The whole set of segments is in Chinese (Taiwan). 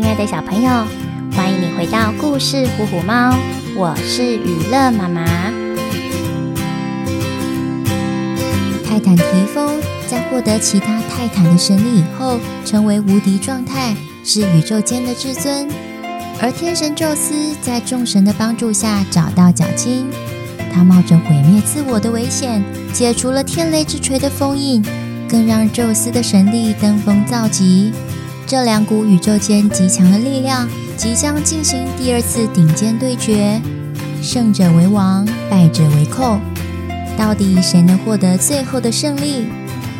親愛的小朋友，歡迎你回到故事《虎虎貓》，我是娛樂媽媽。泰坦提豐在獲得其他泰坦的神力以後，成為無敵狀態，是宇宙間的至尊。而天神宙斯在眾神的幫助下，找到腳筋，他冒着毀滅自我的危險，解除了天雷之錘的封印，更讓宙斯的神力登峰造極。這兩股宇宙間極強的力量即將進行第二次頂尖對決，勝者為王，敗者為寇。到底誰能獲得最後的勝利？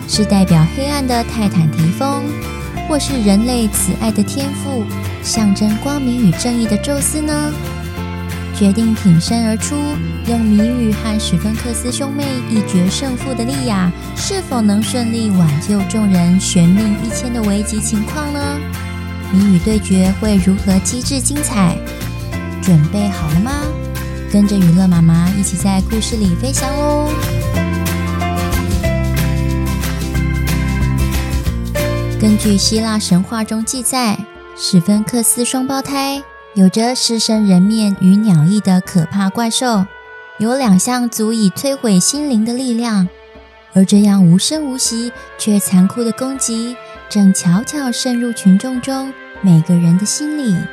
是代表黑暗的泰坦提豐，或是人類慈愛的天父，象徵光明與正義的宙斯呢？決定挺身而出，用謎語和史芬克斯兄妹一決勝負的莉亞，是否能順利挽救眾人懸命一線的危急情況呢？謎語對決會如何機智精彩？準備好了嗎？跟着予樂媽媽一起在故事裡飛翔嘍！根據希臘神話中記載，史芬克斯雙胞胎。有着獅身人面與鳥翼的可怕怪獸，有兩項足以摧毀心靈的力量，而這樣無聲無息卻殘酷的攻擊，正悄悄滲入群眾中每個人的心裡。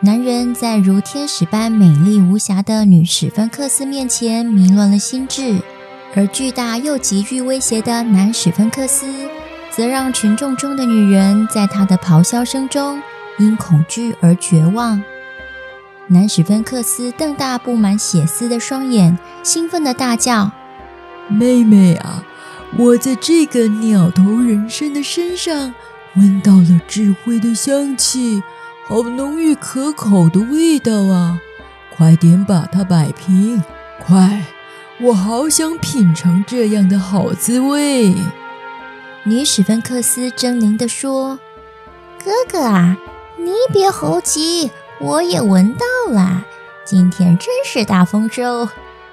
男人在如天使般美麗無瑕的女史芬克斯面前迷亂了心智，而巨大又極具威脅的男史芬克斯，則讓群眾中的女人在他的咆哮聲中因恐懼而絕望。男史芬克斯瞪大佈滿血絲的雙眼，興奮地大叫：“妹妹啊，我在這個鳥頭人身的身上聞到了智慧的香氣，好濃郁可口的味道啊！快點把它擺平，快！我好想品嘗這樣的好滋味。”女史芬克斯猙獰地說：“哥哥啊，你別猴急。”我也聞到了，今天真是大豐收。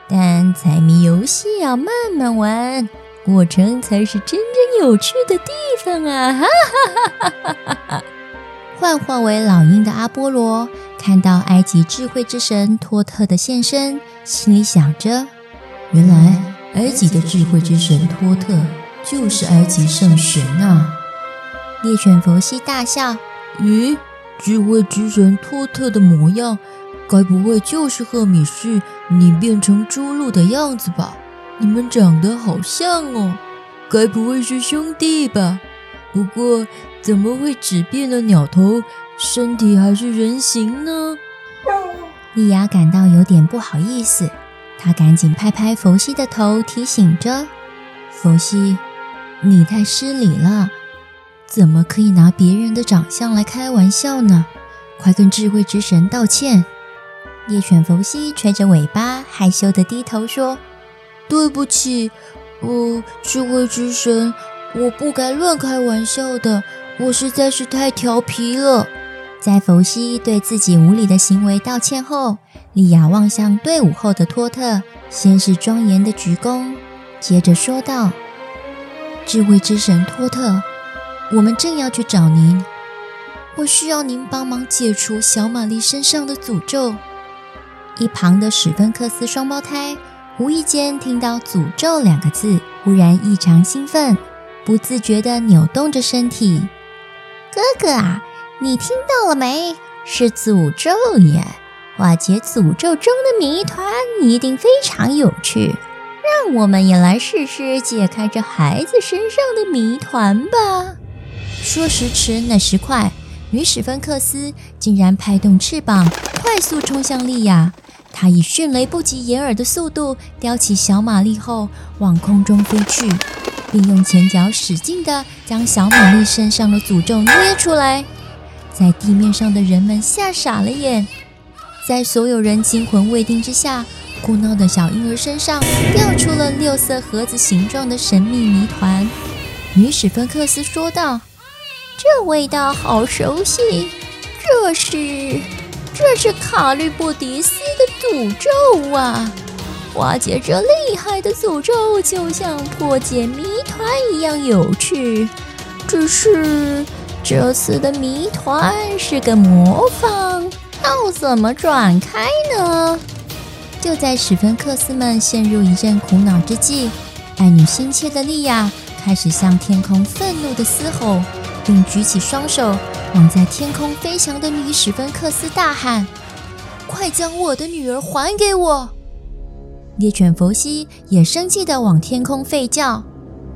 但猜謎遊戲要慢慢玩，過程才是真正有趣的地方啊！哈哈哈哈哈哈！幻化為老鷹的阿波羅看到埃及智慧之神托特的現身，心裡想着：原來埃及的智慧之神托特就是埃及聖神啊！獵犬佛西大笑：咦、嗯？智慧之神托特的模樣，該不會就是赫米士你變成朱鷺的樣子吧？你們長得好像哦，該不會是兄弟吧？不過怎麼會只變了鳥頭，身體還是人形呢？莉亞感到有點不好意思，她趕緊拍拍佛西的頭，提醒着：“佛西，你太失禮了。”怎麼可以拿別人的長相來開玩笑呢？快跟智慧之神道歉！獵犬弗西垂着尾巴，害羞地低頭說：“對不起，我、呃、智慧之神，我不該亂開玩笑的，我實在是太調皮了。”在弗西對自己無禮的行為道歉後，莉亞望向隊伍後的托特，先是莊嚴地鞠躬，接着說道：“智慧之神托特。”我們正要去找您，我需要您幫忙解除小瑪麗身上的詛咒。一旁的史芬克斯雙胞胎無意間聽到“詛咒”兩個字，忽然異常興奮，不自覺地扭動着身體。哥哥啊，你聽到了沒？是詛咒耶！化解詛咒中的謎團一定非常有趣，讓我們也來試試解開這孩子身上的謎團吧。說時遲，那時快，女史芬克斯竟然拍動翅膀，快速衝向莉亞。她以迅雷不及掩耳的速度叼起小瑪麗後，往空中飛去，並用前腳使勁地將小瑪麗身上的詛咒捏出來。在地面上的人們嚇傻了眼。在所有人驚魂未定之下，哭鬧的小嬰兒身上掉出了六色盒子形狀的神秘謎團。女史芬克斯說道。這味道好熟悉，這是，這是卡律布迪斯的詛咒啊！瓦解這厲害的詛咒，就像破解謎團一樣有趣。只是這次的謎團是個魔方，要怎麼轉開呢？就在史芬克斯們陷入一陣苦惱之際，愛女心切的莉亞開始向天空憤怒地嘶吼。並舉起雙手，往在天空飛翔的女史芬克斯大喊：“快將我的女兒還給我！”獵犬佛西也生氣地往天空吠叫：“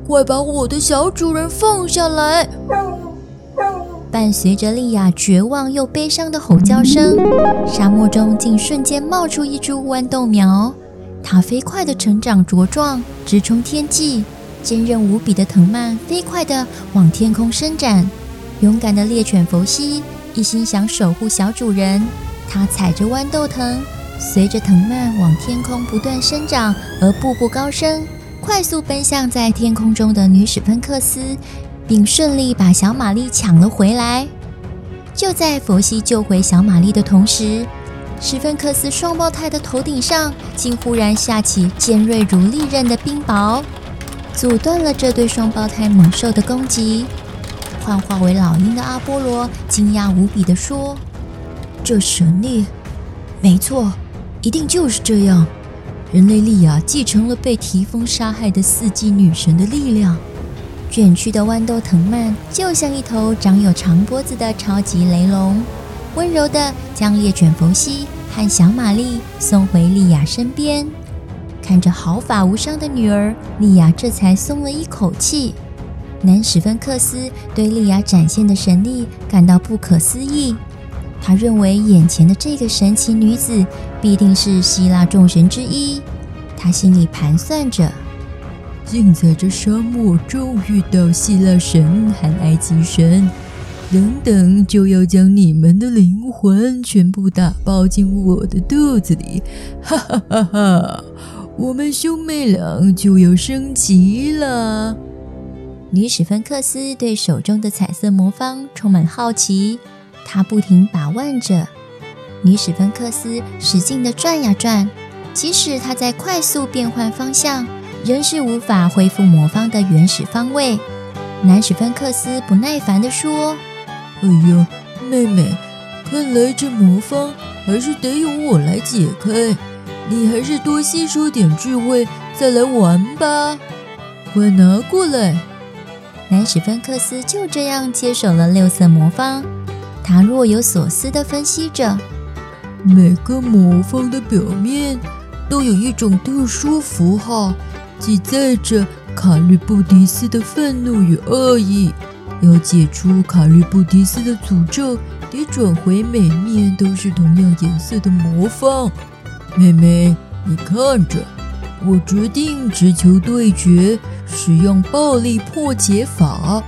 快把我的小主人放下來！”呃呃、伴隨着莉亞絕望又悲傷的吼叫聲，沙漠中竟瞬間冒出一株豌豆苗，它飛快地成長茁壯，直衝天際。堅韌無比的藤蔓飛快地往天空伸展，勇敢的獵犬佛西一心想守護小主人，它踩着豌豆藤，隨着藤蔓往天空不斷生長而步步高升，快速奔向在天空中的女史芬克斯，並順利把小瑪麗搶了回來。就在佛西救回小瑪麗的同時，史芬克斯雙胞胎的頭頂上竟忽然下起尖銳如利刃的冰雹。阻斷了這對雙胞胎猛獸的攻擊，幻化為老鷹的阿波羅驚訝無比地說：“這神力，沒錯，一定就是這樣。人類莉亞繼承了被提豐殺害的四季女神的力量。捲曲的豌豆藤蔓就像一頭長有長脖子的超級雷龍，溫柔地將獵犬弗西和小瑪麗送回莉亞身邊。”看着毫髮無傷的女兒莉亞，雅這才鬆了一口氣。男史芬克斯對莉亞展現的神力感到不可思議，他認為眼前的這個神奇女子必定是希臘眾神之一。他心裡盤算着：竟在這沙漠中遇到希臘神、還埃及神等等，就要將你們的靈魂全部打包進我的肚子裡！哈哈哈哈。我們兄妹倆就要升級了。女史芬克斯對手中的彩色魔方充滿好奇，她不停把玩着。女史芬克斯使勁地轉呀轉，即使她在快速變換方向，仍是無法恢復魔方的原始方位。男史芬克斯不耐煩地說：“哎呀，妹妹，看來這魔方還是得由我來解開。”你還是多吸收點智慧再來玩吧。快拿過來！男史芬克斯就這樣接手了六色魔方。他若有所思地分析着：每個魔方的表面都有一種特殊符號，記載着卡利布迪斯的憤怒與惡意。要解除卡利布迪斯的詛咒，得轉回每面都是同樣顏色的魔方。妹妹，你看着，我決定直球對決，使用暴力破解法。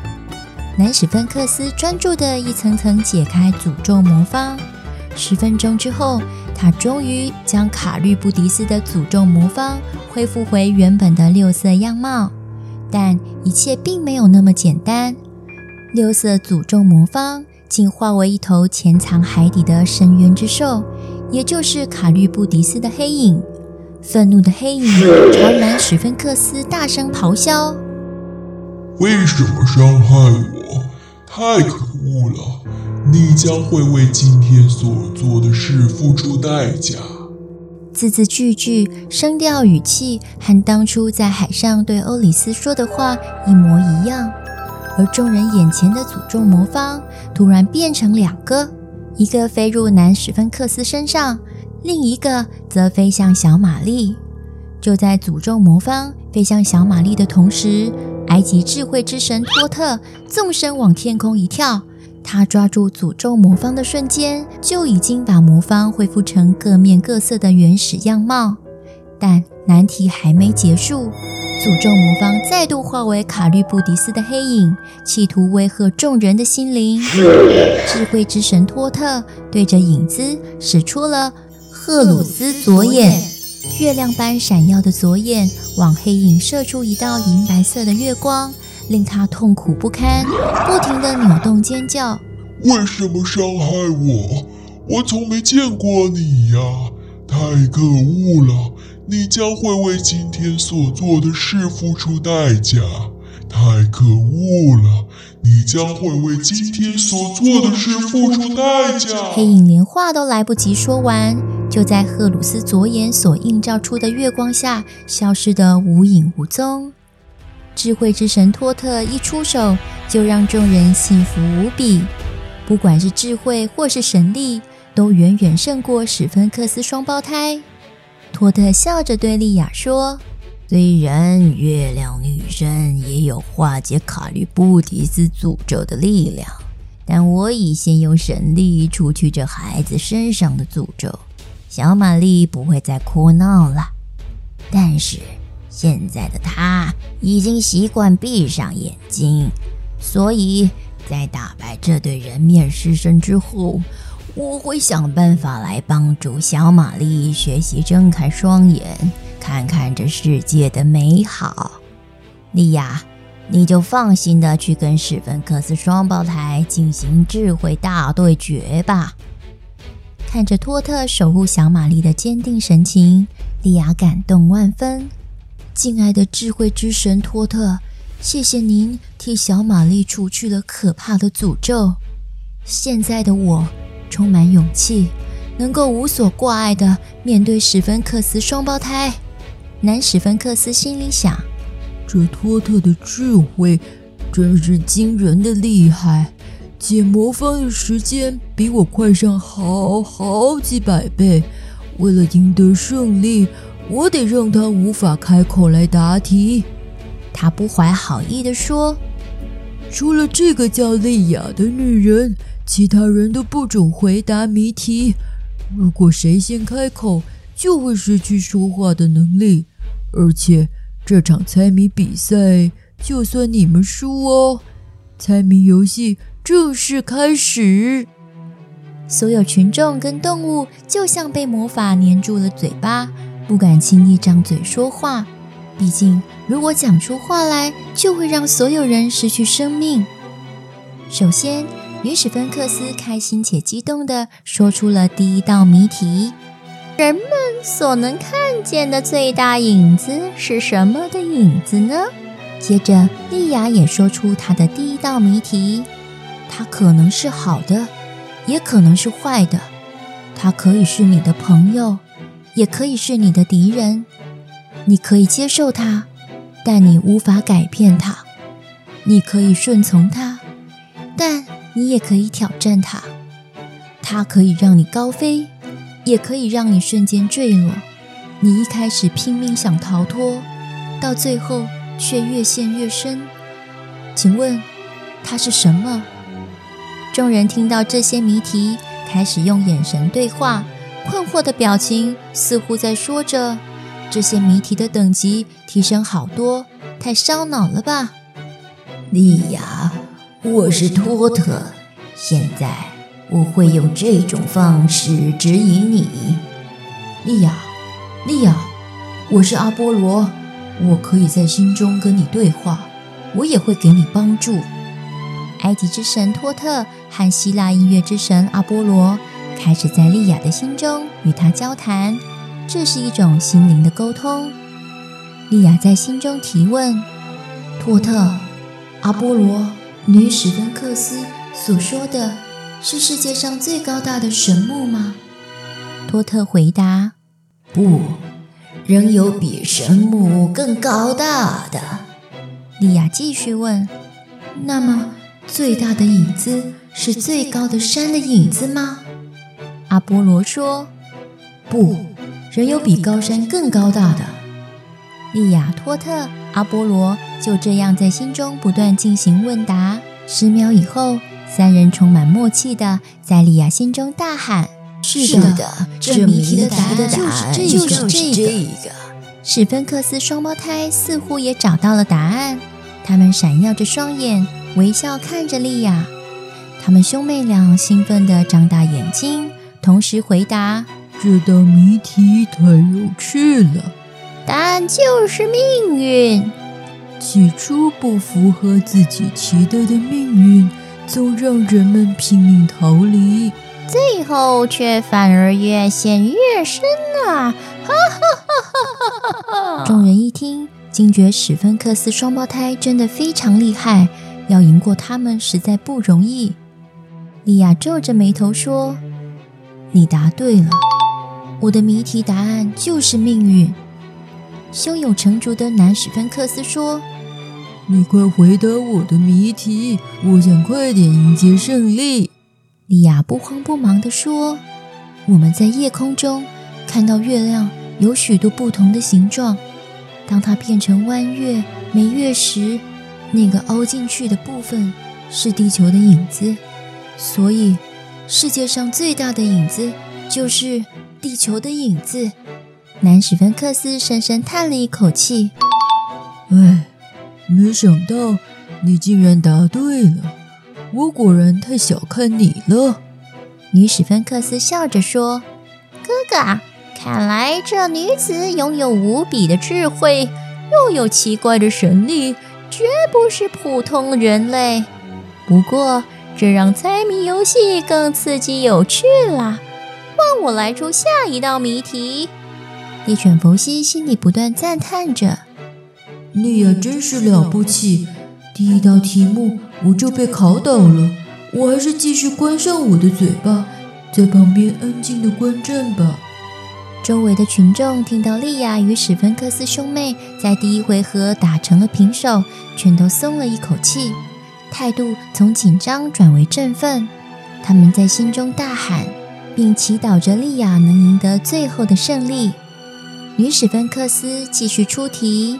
男史芬克斯專注地一層層解開詛咒魔方。十分鐘之後，他終於將卡律布狄斯的詛咒魔方恢復回原本的六色樣貌。但一切並沒有那麼簡單，六色詛咒魔方竟化為一頭潛藏海底的深淵之獸。也就是卡律布迪斯的黑影，憤怒的黑影朝南史芬克斯大聲咆哮：“為什麼傷害我？太可惡了！你將會為今天所做的事付出代價。”字字句句，聲調語氣和當初在海上對歐里斯說的話一模一樣。而眾人眼前的詛咒魔方突然變成兩個。一個飛入男史芬克斯身上，另一個則飛向小瑪麗。就在詛咒魔方飛向小瑪麗的同時，埃及智慧之神托特縱身往天空一跳，他抓住詛咒魔方的瞬間，就已經把魔方恢復成各面各色的原始樣貌。但難題還沒結束。詛咒魔方再度化為卡律布狄斯的黑影，企圖威嚇眾人的心靈。智慧之神托特對着影子使出了赫魯斯左眼，月亮般閃耀的左眼往黑影射出一道銀白色的月光，令他痛苦不堪，不停地扭動尖叫。為什麼傷害我？我從沒見過你呀、啊！太可惡了！你將會為今天所做的事付出代價，太可惡了！你將會為今天所做的事付出代價。黑影連話都來不及說完，就在荷魯斯左眼所映照出的月光下消失得無影無蹤。智慧之神托特一出手，就讓眾人信服無比。不管是智慧或是神力，都遠遠勝過史芬克斯雙胞胎。托特笑着對莉亞說：“雖然月亮女神也有化解卡律布狄斯詛咒的力量，但我已先用神力除去這孩子身上的詛咒，小瑪麗不會再哭鬧了。但是現在的她已經習慣閉上眼睛，所以在打敗這對人面獅身之後。”我會想辦法來幫助小瑪麗學習睜開雙眼，看看這世界的美好。莉亞，你就放心的去跟史芬克斯雙胞胎進行智慧大對決吧。看着托特守護小瑪麗的堅定神情，莉亞感動萬分。敬愛的智慧之神托特，謝謝您替小瑪麗除去了可怕的詛咒。現在的我。充滿勇氣，能夠無所掛礙地面對史芬克斯雙胞胎。男史芬克斯心裡想：這托特的智慧真是驚人的厲害，解魔方的時間比我快上好好幾百倍。為了贏得勝利，我得讓他無法開口來答題。他不懷好意地說：“除了這個叫莉亞的女人。”其他人都不准回答謎題，如果誰先開口，就會失去說話的能力。而且這場猜謎比賽，就算你們輸哦。猜謎遊戲正式開始，所有群眾跟動物就像被魔法黏住了嘴巴，不敢輕易張嘴說話。畢竟，如果講出話來，就會讓所有人失去生命。首先。於是，女史芬克斯開心且激動地說出了第一道謎題：“人們所能看見的最大影子是什麼的影子呢？”接着，莉亞也說出她的第一道謎題：“它可能是好的，也可能是壞的。它可以是你的朋友，也可以是你的敵人。你可以接受它，但你無法改變它。你可以順從它，但……”你也可以挑戰它，它可以讓你高飛，也可以讓你瞬間墜落。你一開始拼命想逃脫，到最後卻越陷越深。請問，它是什麼？眾人聽到這些謎題，開始用眼神對話，困惑的表情似乎在說着：這些謎題的等級提升好多，太燒腦了吧？莉亞。我是托特，現在我會用這種方式指引你，莉亞，莉亞。我是阿波羅，我可以在心中跟你對話，我也會給你幫助。埃及之神托特和希臘音樂之神阿波羅開始在莉亞的心中與他交談，這是一種心靈的溝通。莉亞在心中提問：托特，阿波羅。女史芬克斯所說的是世界上最高大的神木嗎？托特回答：“不，仍有比神木更高大的。”莉亞繼續問：“那麼最大的影子是最高的山的影子嗎？”阿波羅說：“不，仍有比高山更高大的。”莉亞托特，阿波羅就這樣在心中不斷進行問答。十秒以後，三人充滿默契的在莉亞心中大喊：“是的，是的，這謎題的答案就是這個。這個。”史芬克斯雙胞胎似乎也找到了答案，他們閃耀着雙眼，微笑看着莉亞。他們兄妹倆興奮的張大眼睛，同時回答：“這道謎題太有趣了。”答案就是命運。起初不符合自己期待的命運，總讓人們拼命逃離，最後卻反而越陷越深啊！哈哈哈哈哈哈！眾人一聽，驚覺史芬克斯雙胞胎真的非常厲害，要贏過他們實在不容易。莉亞皺着眉頭說：“你答對了，我的謎題答案就是命運。”胸有成竹的南史芬克斯說：“你快回答我的謎題，我想快點迎接勝利。”利亞不慌不忙地說：“我們在夜空中看到月亮有許多不同的形狀。當它變成彎月、眉月時，那個凹進去的部分是地球的影子。所以，世界上最大的影子就是地球的影子。”男史芬克斯深深嘆了一口氣：“哎，沒想到你竟然答對了，我果然太小看你了。”女史芬克斯笑着說：“哥哥啊，看來這女子擁有無比的智慧，又有奇怪的神力，絕不是普通人類。不過，這讓猜謎遊戲更刺激有趣了。換我來出下一道謎題。”獵犬弗西心裡不斷讚嘆着：“莉亞真是了不起！第一道題目我就被考倒了，我還是繼續關上我的嘴巴，在旁邊安靜的觀戰吧。”周圍的群眾聽到莉亞與史芬克斯兄妹在第一回合打成了平手，全都鬆了一口氣，態度從緊張轉為振奮。他們在心中大喊，並祈禱着莉亞能贏得最後的勝利。女史芬克斯繼續出題：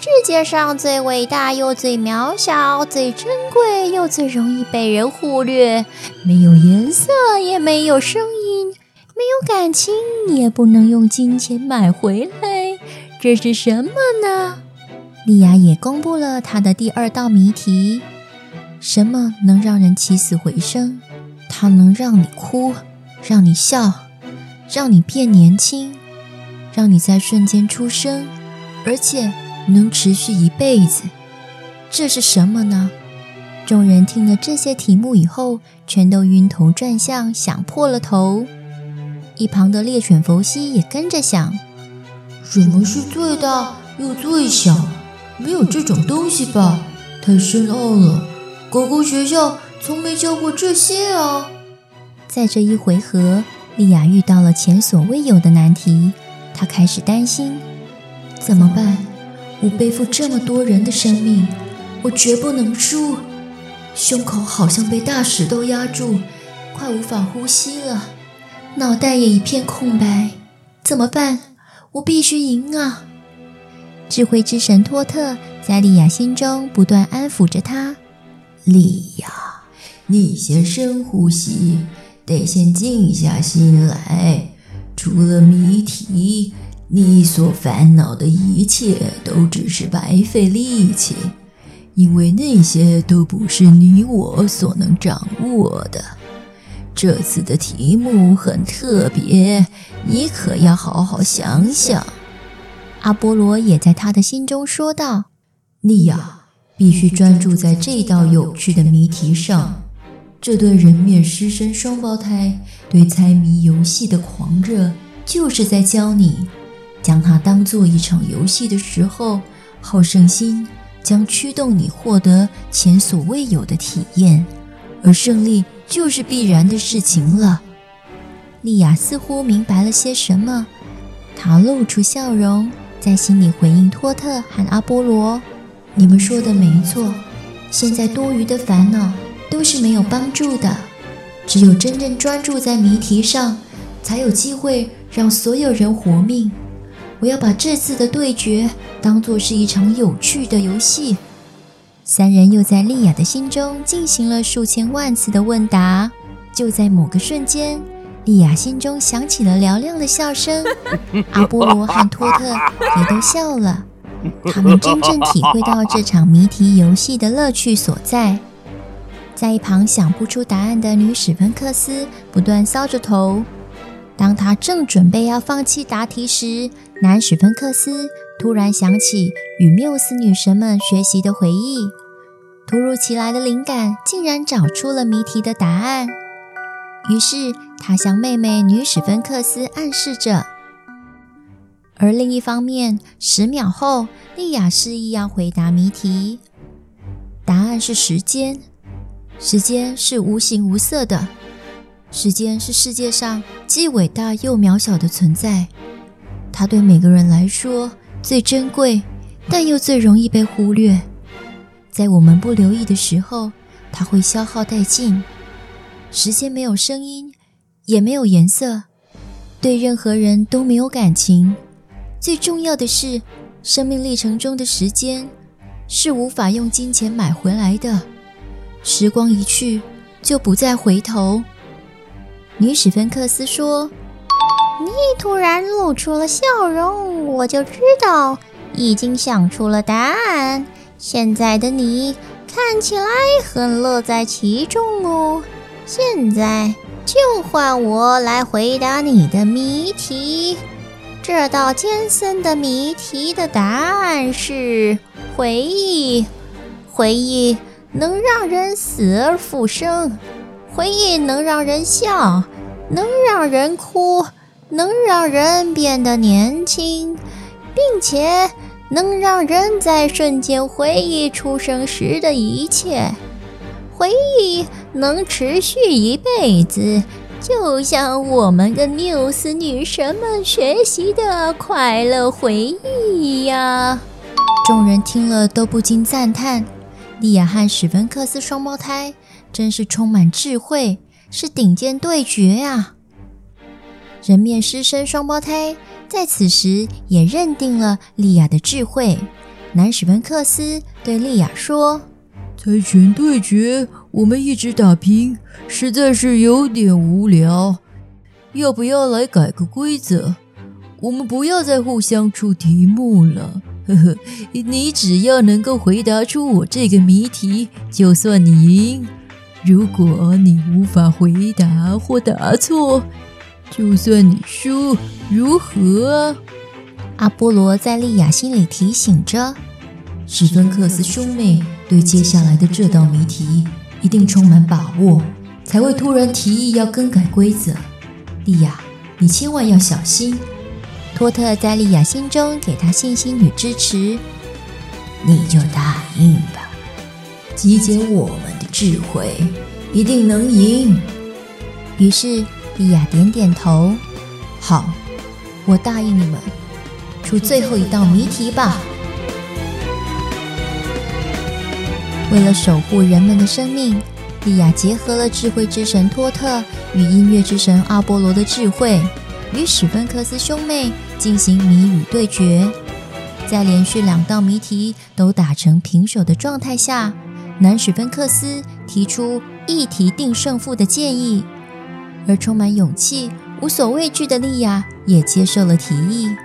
世界上最偉大又最渺小，最珍貴又最容易被人忽略，沒有顏色，也沒有聲音，沒有感情，也不能用金錢買回來，這是什麼呢？莉亞也公布了她的第二道謎題：什麼能讓人起死回生？它能讓你哭，讓你笑，讓你變年輕。讓你在瞬間出生，而且能持續一輩子，這是什麼呢？眾人聽了這些題目以後，全都暈頭轉向，想破了頭。一旁的獵犬弗西也跟着想：什麼是最大又最小？沒有這種東西吧？太深奧了，狗狗學校從沒教過這些哦、啊。在這一回合，莉亞遇到了前所未有的難題。他開始擔心，怎麼辦？我背負這麼多人的生命，我絕不能輸。胸口好像被大石頭壓住，快無法呼吸了，腦袋也一片空白。怎麼辦？我必須贏啊！智慧之神托特在莉亞心中不斷安撫着她：“莉亞，你先深呼吸，得先靜下心來。”除了謎題，你所煩惱的一切都只是白費力氣，因為那些都不是你我所能掌握的。這次的題目很特別，你可要好好想想。阿波羅也在他的心中說道：“莉亞，必須專注在這道有趣的謎題上。”這對人面獅身雙胞胎對猜謎遊戲的狂熱，就是在教你將它當做一場遊戲的時候，好勝心將驅動你獲得前所未有的體驗，而勝利就是必然的事情了。莉亞似乎明白了些什麼，她露出笑容，在心裡回應托特和阿波羅：“你們說的沒錯，現在多餘的煩惱。”都是沒有幫助的，只有真正專注在謎題上，才有機會讓所有人活命。我要把這次的對決當作是一場有趣的遊戲。三人又在莉亞的心中進行了數千萬次的問答。就在某個瞬間，莉亞心中響起了嘹亮的笑聲，阿波羅和托特也都笑了。他們真正體會到這場謎題遊戲的樂趣所在。在一旁想不出答案的女史芬克斯不斷搔着頭。當她正準備要放棄答題時，男史芬克斯突然想起與繆斯女神們學習的回憶，突如其來的靈感竟然找出了謎題的答案。於是他向妹妹女史芬克斯暗示着。而另一方面，十秒後，莉亞示意要回答謎題，答案是時間。時間是無形無色的，時間是世界上既偉大又渺小的存在。它對每個人來說最珍貴，但又最容易被忽略。在我們不留意的時候，它會消耗殆盡。時間沒有聲音，也沒有顏色，對任何人都沒有感情。最重要的是，生命歷程中的時間是無法用金錢買回來的。時光一去就不再回頭。女史芬克斯說：“你突然露出了笑容，我就知道已經想出了答案。現在的你看起來很樂在其中哦。現在就換我來回答你的謎題。這道艱深的謎題的答案是回憶，回憶。”能讓人死而復生，回憶能讓人笑，能讓人哭，能讓人變得年輕，並且能讓人在瞬間回憶出生時的一切。回憶能持續一輩子，就像我們跟繆斯女神們學習的快樂回憶一樣。眾人聽了都不禁讚嘆。莉亞和史芬克斯雙胞胎真是充滿智慧，是頂尖對決呀、啊！人面獅身雙胞胎在此時也認定了莉亞的智慧。男史芬克斯對莉亞說：“猜拳對決，我們一直打平，實在是有點無聊。要不要來改個規則？我們不要再互相出題目了。”呵呵，你只要能夠回答出我這個謎題，就算你贏。如果你無法回答或答錯，就算你輸，如何？阿波羅在莉亞心裡提醒着。史芬克斯兄妹對接下來的這道謎題一定充滿把握，才會突然提議要更改規則。莉亞，你千萬要小心。托特在莉亞心中給她信心與支持，你就答應吧。集結我們的智慧，一定能贏。於是莉亞點點頭：“好，我答應你們。出最後一道謎題吧。”為了守護人們的生命，莉亞結合了智慧之神托特與音樂之神阿波羅的智慧。與史芬克斯兄妹進行謎語對決，在連續兩道謎題都打成平手的狀態下，男史芬克斯提出一題定勝負的建議，而充滿勇氣、無所畏懼的莉亞也接受了提議。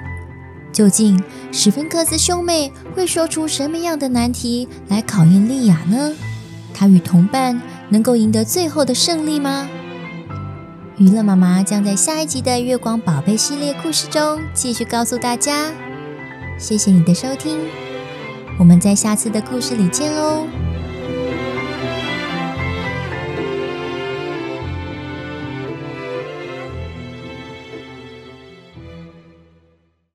究竟史芬克斯兄妹會說出什麼樣的難題來考驗莉亞呢？她與同伴能夠贏得最後的勝利嗎？娛樂媽媽將在下一集的《月光寶貝》系列故事中繼續告訴大家。謝謝你的收聽，我們在下次的故事裡見哦。